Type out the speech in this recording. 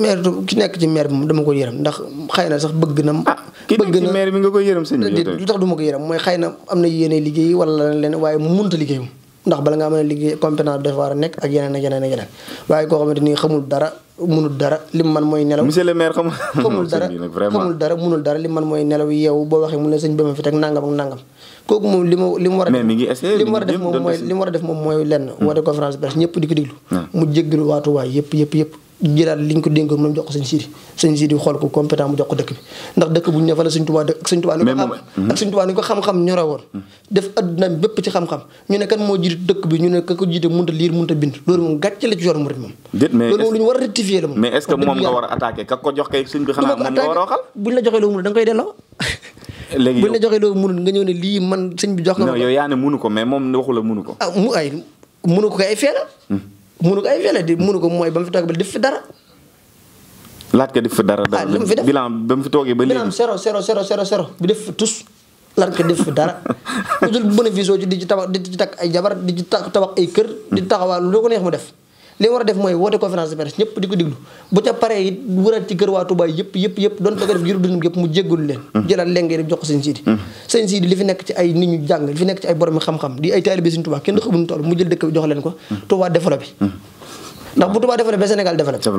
maire ki nekk ci maire bi moom dama ko yërëm ndax xëy sax bëgg na. ah ki bi nga koy yërëm sëñ bi mooy xëy na am na yéene liggéey wala leneen waaye mu munta liggéeyam ndax bala nga a liggéey compétence bi dafa war a nekk ak yeneen ak yeneen ak yeneen waaye koo xamante ni xamul dara munul dara lim man mooy nelaw. monsieur le maire xamul xamul dara man mooy ne sëñ bi ma fi teg nangam ak nangam kooku moom li mu li mu war a def li mu war a def moom mooy li hmm. hmm. mu war a def moom yëpp yëpp yëpp jëlaat liñ ko dénkoon moom jox ko sëñ Sidi sëñ Sidi xool ko compétent mu jox ko dëkk bi ndax dëkk bu ñu ne fa la sëñ Tuubaa dëkk sëñ Tuubaa ni ko am mm-hmm. ak sëñ Tuubaa ni ko xam-xam ñore woon mm-hmm. def adduna bépp ci xam-xam ñu ne kan moo jiite dëkk bi ñu ne ka ko jiite mënta liir mënta bind loolu moom gàcce la ci yoonu murit moom loolu moom lu ñu war a rectifier la moom mais est-ce que moom nga war a attaquer ka ko jox kay sëñ bi xanaa moom nga war a waxal buñ la joxee loo mënul da nga koy delloo léegi buñ la joxee loo mënul nga ñëw ne lii man sëñ bi jox nga yow yaa ne mënu ko mais moom waxu la mënu ko ah mu ay mënu ko kay ay fee la mm. munu ko ay fele di munu ko mooy ba mu fi toog ba def fi dara. laaj ko def fi dara. ah li mu fi def bilan ba mu fi toogee ba léegi. bilan sero sero zéro zéro zéro bi def fi tus. lan ko def fi dara lu dul bénéfice ci di ci tabax di ci takk ay jabar di ci tabax ay kër. di taxawal lu ko neex mu def. li war a def mooy woote conférence de presse ñëpp di ko diglu bu ca paree it wëraat ci kër waa Touba yëpp yëpp yëpp doon da def giru dundum yëpp mu jéggul leen mm. jëlaat lengee rek jox ko sëñ Sidi mm. sëñ li fi nekk ci ay nit ñu jàng li fi nekk ci ay borom xam-xam di ay taalibe sëñ Touba kenn xamuñu toll mu jël dëkk bi jox leen ko mm. Touba développé ndax bu Touba développé Sénégal développé